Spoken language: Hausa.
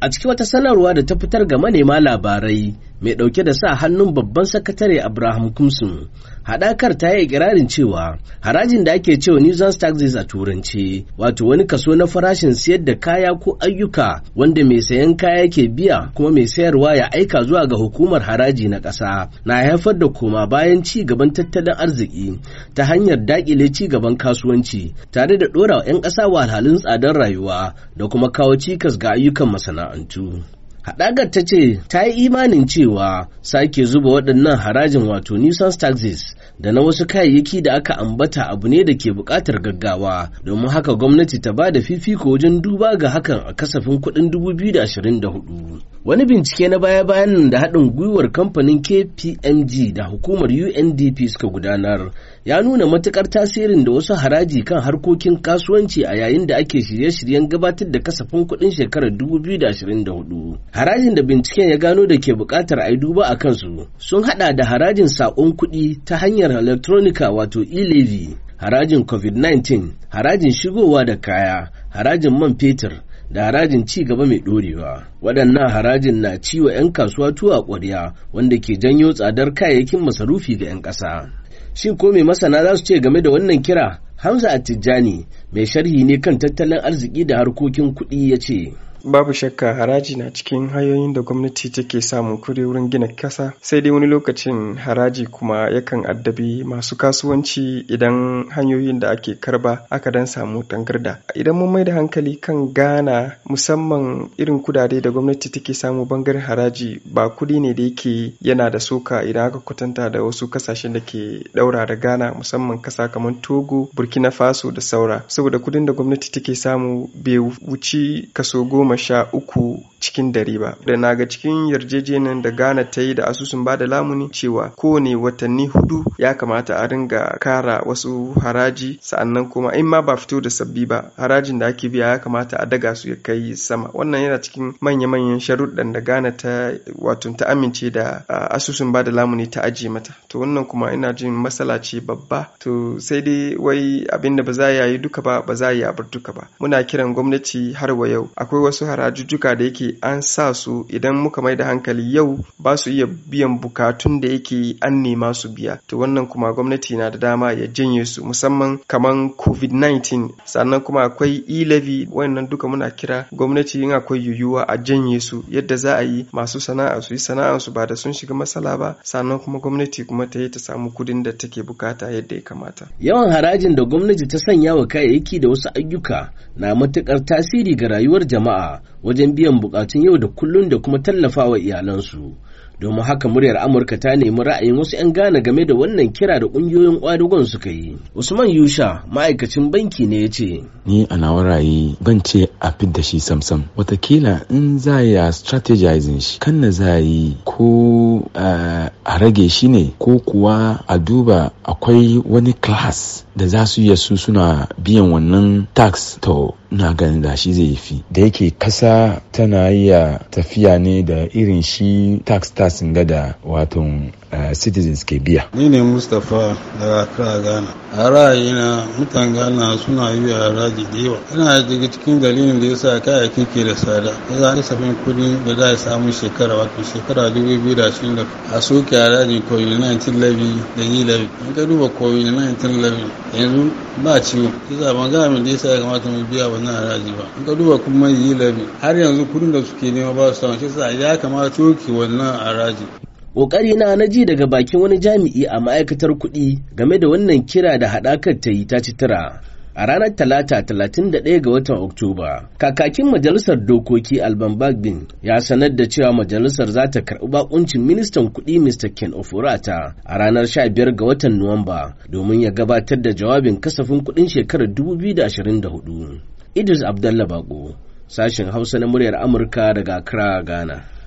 a cikin wata sanarwa da ta fitar ga manema labarai mai ɗauke da sa hannun babban sakatare Abraham Kumsun. Haɗakar ta yi ikirarin cewa harajin da ake cewa Zealand taxes a turanci wato wani kaso na farashin siyar da kaya ko ayyuka wanda mai sayan kaya ke biya kuma mai sayarwa ya aika zuwa ga hukumar haraji na ƙasa na haifar da koma bayan ci gaban tattalin arziki ta hanyar daƙile ci gaban kasuwanci tare da ɗora 'yan ƙasa wahalhalun tsadar rayuwa da kuma kawo cikas ga ayyukan masana'antu. Haɗakar ta ce ta yi imanin cewa sake zuba waɗannan harajin wato nuisance taxes da na wasu kayayyaki da aka ambata abu ne da ke buƙatar gaggawa domin haka gwamnati ta ba da fifiko wajen duba ga hakan a kasafin kuɗin 2024. Wani bincike na baya-bayan nan da haɗin gwiwar kamfanin KPMG da hukumar UNDP suka gudanar ya nuna matuƙar tasirin da wasu haraji kan harkokin kasuwanci a yayin da ake shirye-shiryen gabatar da kasafin kuɗin shekarar 2024. Harajin da binciken ya gano da ke buƙatar a yi duba a kansu sun haɗa da harajin saƙon kuɗi ta hanyar electronica wato e-levy, harajin COVID-19, harajin shigowa da kaya, harajin man fetur, da harajin ci gaba mai ɗorewa. Waɗannan harajin na ci wa 'yan kasuwa tuwa ƙwarya wanda ke janyo tsadar kayayyakin masarufi ga 'yan ƙasa. Shin ko mai masana za su ce game da wannan kira? Hamza Atijjani mai sharhi ne kan tattalin arziki da harkokin kuɗi ya ce. Babu shakka haraji na cikin hanyoyin da gwamnati take samun kuri wurin gina kasa sai dai wani lokacin haraji kuma yakan addabi masu kasuwanci idan hanyoyin da ake karba aka dan samu tangarda. Idan mun mai da hankali kan gana, musamman irin kudade da gwamnati take samu bangaren haraji ba kuɗi ne da yake yana da soka idan aka kwatanta da wasu kasashen da ke daura da gana musamman kasa kamar Togo, Burkina Faso da saura saboda kudin da gwamnati take samu bai wuci kaso goma goma sha uku cikin dare ba da na ga cikin yarjejeniyar da ghana ta yi da asusun bada lamuni cewa kowane watanni hudu ya kamata a ringa kara wasu haraji sa'annan kuma in ma ba fito da sabbi ba harajin da ake biya ya kamata a daga su ya kai sama wannan yana cikin manya-manyan sharuɗan da ghana ta wato ta amince da asusun bada lamuni ta ajiye mata to wannan kuma ina jin matsala ce babba to sai dai wai abinda da ba za a yi duka ba ba za a yi duka ba muna kiran gwamnati har wa yau akwai wasu wasu harajujjuka da yake an sa su idan muka mai da hankali yau ba su iya biyan bukatun da yake an nema su biya to wannan kuma gwamnati na da dama ya janye su musamman kaman covid-19 sannan kuma akwai e-levy wannan duka muna kira gwamnati in akwai yuyuwa a janye su yadda za a yi masu sana'a su yi su ba da sun shiga matsala ba sannan kuma gwamnati kuma ta yi ta samu kudin da take bukata yadda ya kamata yawan harajin da gwamnati ta sanya wa kayayyaki da wasu ayyuka na matukar tasiri ga rayuwar jama'a wajen biyan bukatun yau da kullun da kuma tallafawa iyalansu domin haka muryar amurka ta nemi ra'ayin wasu 'yan ghana game da wannan kira da ƙungiyoyin ƙwadugon suka yi usman yusha ma'aikacin banki ne ya ce ni a nawa ban ce a fit da shi samsam watakila in za ya strategizing shi kan na za yi ko a rage shi ne ko kuwa a duba akwai wani class da za su iya su suna biyan wannan tax to na ganin da shi zai fi da yake kasa tana iya tafiya ne da irin shi tax tax tasin da watan eh, citizens ke biya ni ne mustapha daga accra ghana a ra'ayina mutan ghana suna yi haraji da yawa yana daga cikin dalilin da yasa kayayyaki ke da tsada ya za a safin kudin da za a samu shekara wato shekara dubu biyu da da a soke haraji covid 19 labi da yi labi. in ka duba covid 19 labi yanzu ba ciwo yasa ban ga min da yasa ya kamata mu biya wannan haraji ba in ka duba kuma yi labi har yanzu kudin da suke nema ba su samu shi yasa ya kamata soke wannan a haraji ƙoƙari na na ji daga bakin wani jami'i a ma'aikatar kuɗi game da wannan kira da haɗakar ta yi ta ci tura a ranar talata talatin da ɗaya ga watan oktoba kakakin majalisar dokoki alban bagbin ya sanar da cewa majalisar za ta karɓi bakuncin ministan kuɗi mr ken ofurata a ranar sha biyar ga watan nuwamba domin ya gabatar da jawabin kasafin kuɗin shekarar 2024 idris abdallah bako sashen hausa na muryar amurka daga accra ghana